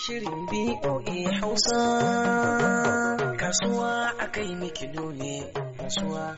Shirin BOA Hausa kasuwa yi miki ne kasuwa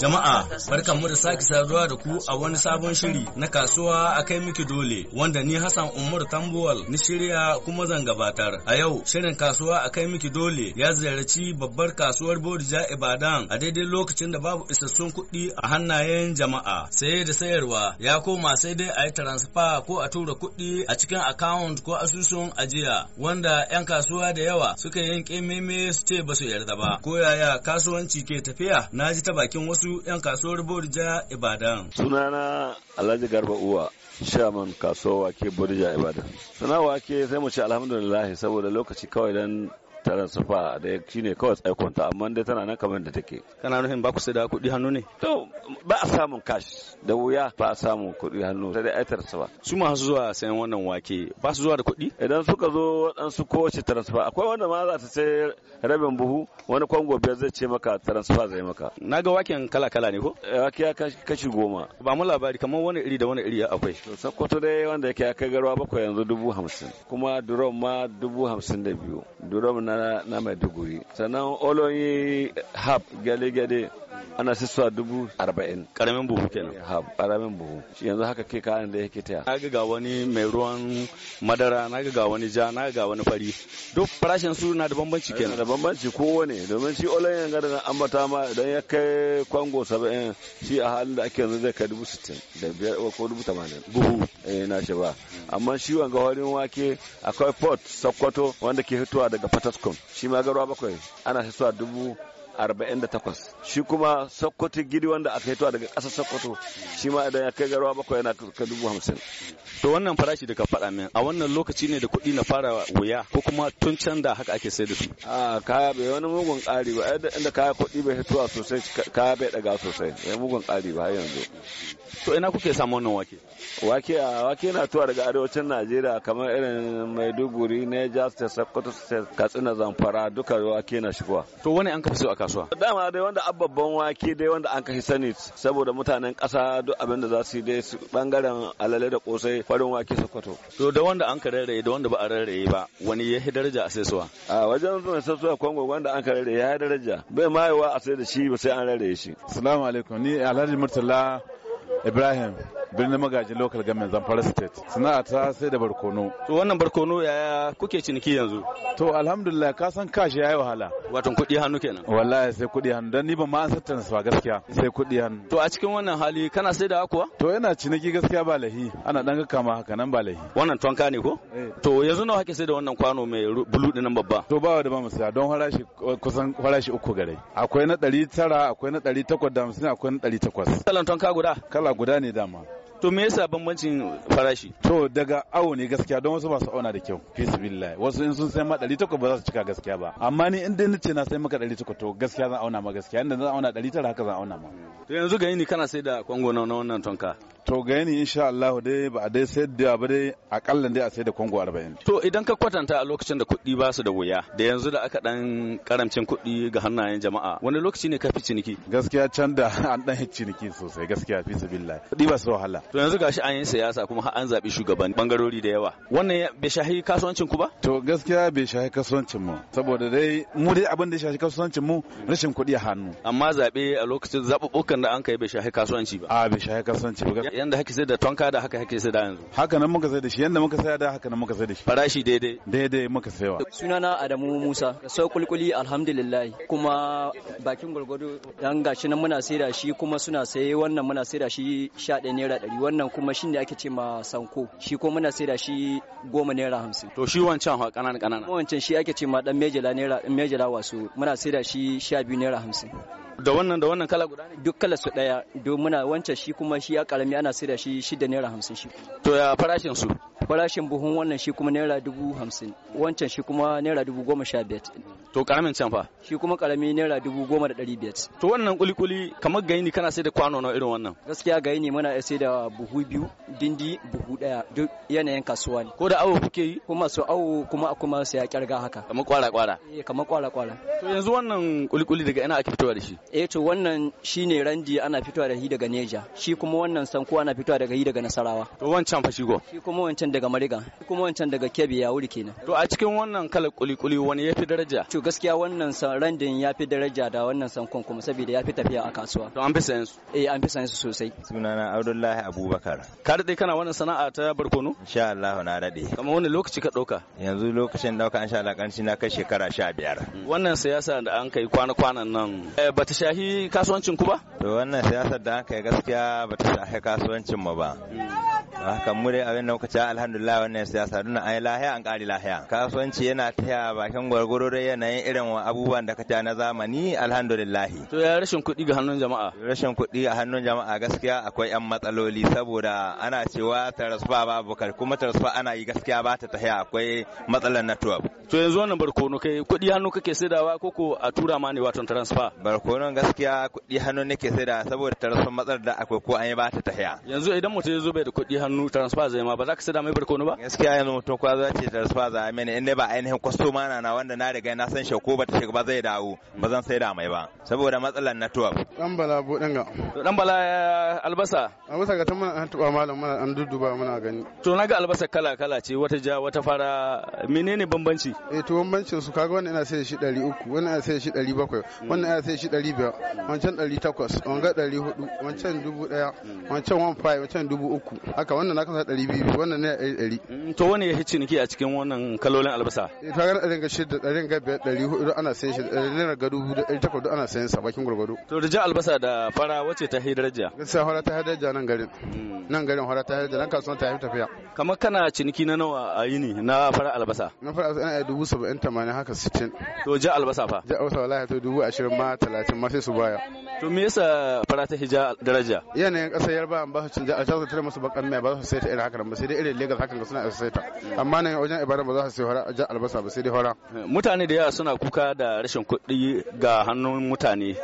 Jama'a, barkan mu da sake saduwa da ku a wani sabon shiri na kasuwa a kai miki dole wanda ni Hassan Umar Tambuwal ni shirya kuma zan gabatar. A yau shirin kasuwa a kai miki dole ya ziyarci babbar kasuwar Bodija Ibadan a daidai lokacin da babu isassun kuɗi a hannayen jama'a. Saye da sayarwa ya koma sai dai a yi transfer ko a tura kuɗi a cikin account ko asusun ajiya wanda 'yan kasuwa da yawa suka yin ƙememe su ce ba su yarda ba. Ko yaya kasuwanci ke tafiya? Na ji ta bakin wasu wasu 'yan kasuwar Borja Ibadan. Sunana Alhaji Garba Uwa, shaman kasuwa wake Borja Ibadan. sana wake sai mu ce alhamdulillah saboda lokaci kawai dan taron sufa da shi ne kawai tsaikonta amma dai tana nan kamar da take kana nufin ba ku sai da kuɗi hannu ne to ba a samun cash da wuya ba a samun kuɗi hannu sai dai aitar sufa su ma su zuwa sayan wannan wake ba su zuwa da kuɗi idan suka zo waɗansu kowace transfer akwai wanda ma za ta sai rabin buhu wani kwango biyar zai ce maka transfer zai maka na ga waken kala kala ne ko eh, wake ya kashi goma ba mu labari kamar wani iri da wani iri akwai to sakkwato dai wanda yake ya kai garwa bakwai yanzu dubu hamsin kuma durom ma dubu hamsin da biyu durom na na, na maiduguri sannan olon hap gale-gale ana sissuwa dubu arba'in karamin buhu kenan ha karamin buhu shi yanzu haka ke kayan da yake taya na ga wani mai ruwan madara na ga wani ja na ga wani fari duk farashin su na da bambanci kenan da bambanci kowane domin shi yanga da an ambata ma idan ya kai kwango saba'in shi a halin da ake yanzu zai kai dubu sittin da biyar ko dubu tamanin buhu eh, na shi ba amma shi wanga warin wake akwai port sokoto wanda ke fitowa daga fataskom shi ma garuwa bakwai ana sissuwa dubu 48 shi kuma sokoto gidi wanda aka hito daga ƙasar sokoto shi ma idan ya kai garuwa bakwai yana ka dubu hamsin to wannan farashi da ka faɗa min a wannan lokaci ne da kuɗi na fara wuya ko kuma tun can da haka ake sai da su a kaya bai wani mugun ƙari ba inda kaya kuɗi bai hitowa sosai kaya bai ɗaga sosai ya mugun ƙari ba har yanzu to ina kuke samu wannan wake wake a wake na tuwa daga arewacin najeriya kamar irin maiduguri niger state sokoto state katsina zamfara duka wake na shigowa to wani an kafa su a kasuwa dama dai wanda ababban wake dai wanda an kashi sani saboda mutanen ƙasa duk abin da za su yi dai su bangaren alale da kosai farin wake sakwato to da wanda an ka rarraye da wanda ba a rarraye ba wani ya daraja a saisuwa a wajen zuwa saisuwa kongo wanda an ka rarraye ya daraja bai ma mayewa a sai da shi ba sai an rarraye shi assalamu alaikum ni alhaji murtala ibrahim birnin magaji local government zamfara state a ta sai da barkono to wannan barkono yaya kuke ciniki yanzu to alhamdulillah ka san kashi yayi wahala watan kuɗi hannu kenan wallahi sai kuɗi hannu dan ni ba ma an sattan su gaskiya sai kuɗi hannu to a cikin wannan hali kana sai da kuwa to yana ciniki gaskiya ba lahi ana dan kama haka nan ba lahi wannan tonka ne ko eh. to yanzu nawa kake sai da wannan kwano mai bulu din nan babba to ba da ba mu don farashi kusan farashi uku gare akwai na 900 akwai na 850 akwai na 800 kalan tonka guda kala guda ne dama to me yasa bambancin farashi to daga awo ne gaskiya don wasu ba su auna da kyau bismillah wasu in sun sai ma 800 ba za su cika gaskiya ba amma ni in dai ce na sai maka 800 to gaskiya zan auna ma gaskiya inda zan auna 900 haka zan auna ma to yanzu ga ni kana sai da kwango na wannan tonka to ga ni insha Allah dai ba a dai sai da ba dai akalla dai a sai da kwango 40 to idan ka kwatanta a lokacin da kuɗi ba su da wuya da yanzu da aka dan karamcin kuɗi ga hannayen jama'a wani lokaci ne ka fi ciniki gaskiya can da an dan ciniki sosai gaskiya fi billahi kuɗi ba su wahala to yanzu gashi an yi siyasa kuma har an zabi shugaban bangarori da yawa wannan bai shahi kasuwancin ku ba to gaskiya bai shahi kasuwancin mu saboda dai mu dai abin da shahi kasuwancin mu rashin kuɗi a hannu amma zabe a lokacin zaɓuɓɓukan da an kai bai shahi kasuwanci ba a bai shahi kasuwanci ba yanda haka sai da tonka da haka haka sai da yanzu haka nan muka sai da shi yanda muka sai da haka nan muka sai da shi farashi daidai daidai muka saiwa sunana Adamu Musa sau kulkuli alhamdulillah kuma bakin gwargwado dan gashi nan muna sai da shi kuma suna sai wannan muna sai da shi 11 naira 100 wannan kuma shine ake ce ma sanko shi ko muna sai da shi goma naira hamsin to shi wancan ha kanana kanana wancan shi ake ce ma dan mejela naira mejela wasu muna sai da shi sha biyu naira hamsin da wannan da wannan kala guda ne duk kala su daya don muna wancan shi kuma shi ya karami ana sai da shi shida naira hamsin shi to ya farashin su farashin buhun wannan shi kuma naira dubu hamsin wancan shi kuma naira dubu goma sha biyar to karamin can fa shi kuma karami naira dubu goma da ɗari biyar to wannan kulikuli kamar gaini kana sai da kwano na irin wannan gaskiya gaini muna sai da buhu biyu dindi buhu ɗaya duk yanayin kasuwa ne ko da awo kuke yi kuma su awo kuma a kuma sai ya kyarga haka kamar kwara kwara eh kamar kwara kwara to yanzu wannan kulikuli daga ina ake fitowa da shi eh to wannan shine randi ana fitowa da shi daga neja shi kuma wannan sanko ana fitowa daga shi daga nasarawa to wancan fa shi go shi kuma wancan daga mariga shi kuma wancan daga kebe ya wuri kenan to a cikin wannan kala kulikuli wani yafi daraja to gaskiya wannan randin ya fi daraja da wannan sankon kuma saboda ya fi tafiya a kasuwa to an fi sayan su eh an fi sayan su sosai sunana Abdullahi Abubakar ka dade kana wannan sana'a ta barkono insha Allah na dade Kama wani lokaci ka dauka yanzu lokacin dauka insha Allah kanci na kai shekara sha biyar. wannan siyasa da an kai kwana-kwanan nan eh, ba ta shahi kasuwancin ku ba to wannan siyasa da an kai gaskiya ba ta shahi kasuwancin mu ba hmm. haka mu dai abin da muka ci alhamdulillah wannan siyasa duna an yi lahiya an ƙari lahiya kasuwanci yana taya bakin gwargwaro yanayin irin abubuwan da ka ta na zamani alhamdulillah to ya rashin kuɗi ga hannun jama'a rashin kuɗi a hannun jama'a gaskiya akwai yan matsaloli saboda ana cewa tarasfa babu kar kuma tarasfa ana yi gaskiya ba ta tahiya akwai matsalar network to yanzu wannan barkono kai kuɗi hannu kake saidawa ko ko a tura ma ne wato transfer barkonon gaskiya kuɗi hannu nake saidawa saboda tarasfa matsalar da akwai ko an yi ba ta tahiya yanzu idan mutum ya zo bai da kuɗi hannu hannu transfer zai ma ba za ka sada mai barkono ba gaskiya yanzu mutum kwa za ce transfer za mini inda ba ainihin kwastoma na na wanda na riga na san shako ba ta shiga ba zai dawo ba zan sai da mai ba saboda matsalar network dan bala budanga dan bala eh, albasa albasa ga ta an tuba malam mana an dudduba muna gani to na ga albasa kala kala ce wata ja wata fara menene bambanci eh to bambancin su kaga wannan ina sai shi 300 wannan ina sai shi 700 wannan ina sai shi 500 wancan 800 wanga 400 wancan 1000 wancan 1500 wancan 3000 haka wannan na kasa 200 wannan ne a 100 mm, to wani ya hici niki a cikin wannan kalolin albasa. Eh, ta ga ɗarin ga shida ɗarin ga biyar ɗari hudu ana sayan shi ɗarin ga dubu ɗari takwas ana sayan sa bakin gwargwado. to da ja albasa da fara wace ta hidarja ja. hora ta hidarja nan garin. Mm. nan garin hora ta hidarja nan kasuwan ta hidar tafiya. kamar kana ciniki na nawa a yini na fara albasa. na fara albasa ana dubu saba'in tamanin haka sittin. to ja albasa fa. ja albasa wallahi to dubu 20 ma 30 ma sai su baya. to me yasa fara ta hija daraja. yanayin kasar yarba an ba su cin canja a ta musu bakan mai ba ba su saita irin haka ba sai dai irin Legas haka ga suna saita amma nan wajen Ibadan ba za su sai hora ja albasa ba sai dai hora mutane da yawa suna kuka da rashin kuɗi ga hannun mutane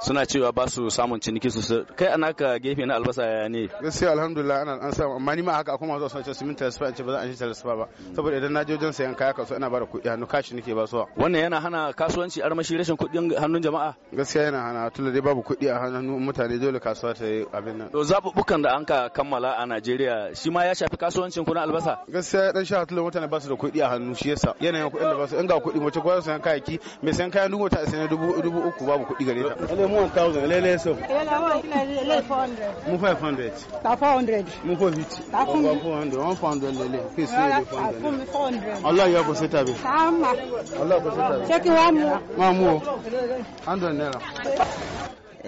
suna cewa ba su samun ciniki su kai ana ka gefe na albasa ya ne gaskiya alhamdulillah ana an samu amma ni ma haka kuma zuwa suna cewa siminta da in ce ba za a ci talisfa ba saboda idan na je wajen sayan kaya kasuwa ina bada kuɗi hannu kashi nake ba suwa wannan yana hana kasuwanci armashi rashin kuɗin hannun jama'a gaskiya yana hana tunda dai babu kuɗi a hannun mutane dole kasuwa ta yi abin nan to zabubukan da an ka kammala a Najeriya shi ma ya shafi kasuwancin ku na albasa gaskiya dan sha tunda mutane ba su da kuɗi a hannu shi yasa yanayin kuɗin da ba su in ga kuɗi mace ko sayan kayaki mai sayan kayan dubu ta sayan dubu uku babu kuɗi gare ta Um, mu 1000 lele so lele 400 mu 500 ta 400 mu ta 400 100 lele ke se 400 Allah ya ko seta ko seta wa mu wa mu 100 naira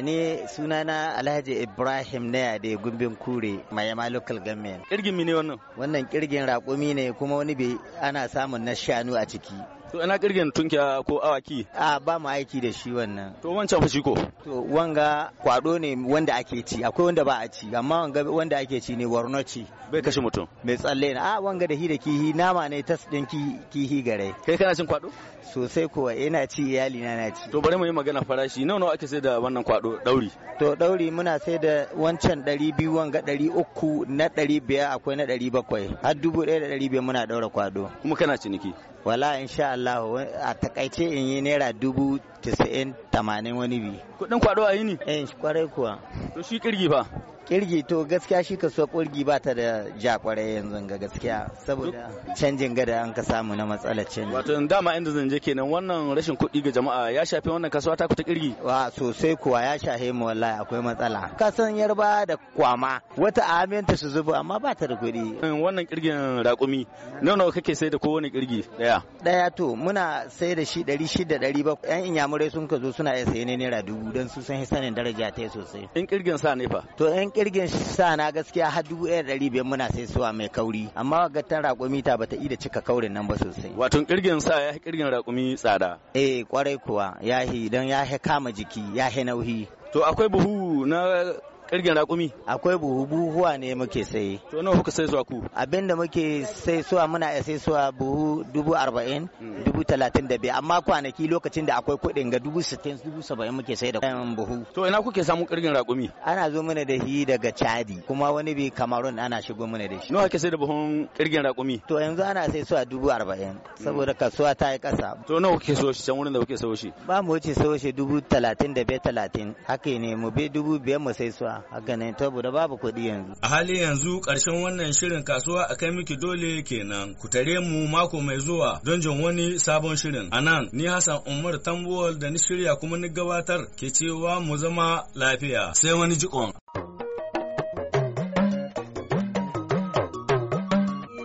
ni sunana alhaji ibrahim na yade gumbin kure mayama local government kirgin ne wannan wannan kirgin rakumi ne kuma wani ana samun na shanu a ciki To ina kirgin tunkiya ko awaki? A ba mu aiki da shi wannan. To wancan fa shi ko? To wanga kwado ne wanda ake ci, akwai wanda ba a ci, amma wanga wanda ake ci ne warnoci. Bai kashe mutum. Mai tsalle na. A wanga da hi da kihi nama ne tas din kihi gare. Kai kana cin kwado? Sosai wa, ina ci iyali na na ci. To bari mu yi magana farashi. Nawa nawa ake sai da wannan kwado dauri? To dauri muna sai da wancan ɗari biyu wanga ɗari uku na ɗari biyar akwai na ɗari bakwai har dubu ɗaya da ɗari biyar muna ɗaura kwado. Kuma kana ciniki? wala insha Allah a takaice in yi naira dubu tasa'in tamanin wani bi. Kudin kwado a yi ni Eh kwarai kuwa. To shi kirgi fa? kirgi to gaskiya shi so kurgi ba ta da ja kwarai yanzu ga gaskiya saboda canjin gada an ka samu na matsalar canji wato dama inda zan je kenan wannan rashin kuɗi ga jama'a ya shafi wannan kasuwa ta kuta kirgi wa sosai kuwa ya shafe mu wallahi akwai matsala san yarba da kwama wata aminta su zuba amma ba ta da kuɗi wannan kirgin raƙumi nawa nawa kake sai da kowane kirgi daya daya to muna sai da shi ɗari shida ɗari bakwai yan inyamurai sun ka zo suna iya saye ne naira dubu don su san sanin daraja ta sosai in kirgin sa ne fa to in kirgin sa na gaskiya har dubu ɗaya ɗari biyar muna sai suwa mai kauri amma ga tan raƙumi ta bata iya cika kaurin nan ba sosai. Wato kirgin sa ya kirgin raƙumi tsada. Eh kwarai kuwa yahi don ya kama jiki ya nauyi. To akwai buhu na kirgin raƙumi akwai buhu buhuwa ne muke sayi to nawa kuka sai suwa ku abin da muke sai suwa muna iya sai suwa buhu dubu arba'in hmm. dubu talatin da biyar amma kwanaki lokacin da akwai kuɗin ga dubu sittin dubu saba'in muke sai da buhu to ina kuke samu kirgin raƙumi ana zo mana da shi daga chadi kuma wani bi kamarun ana shigo mana da shi nawa kake sai da buhun kirgin raƙumi to yanzu ana sai suwa dubu arba'in saboda kasuwa ta yi ƙasa to nawa kuke so shi can wurin da kuke so shi ba mu wuce so shi dubu talatin da biyar talatin haka ne mu bi dubu biyar mu sai suwa A ganin tabu da babu kuɗi yanzu a hali yanzu ƙarshen wannan shirin kasuwa a kai miki dole kenan ku tare mu mako mai zuwa don jin wani sabon shirin A nan ni Hassan Umar Tambuwal da ni shirya kuma ni gabatar ke cewa mu zama lafiya sai wani jikon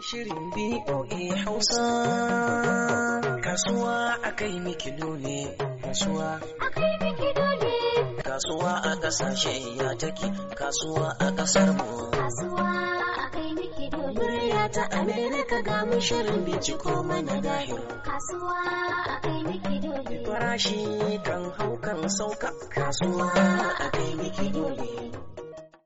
shirin BOA Hausa kasuwa akai miki dole kasuwa kai kasuwa a kasashe ya take kasuwa a kasar mu kasuwa a miki dole murya ta amerika ga mu shirin binciko mana gahir kasuwa a kai miki dole farashi kan haukan sauka kasuwa a kai miki dole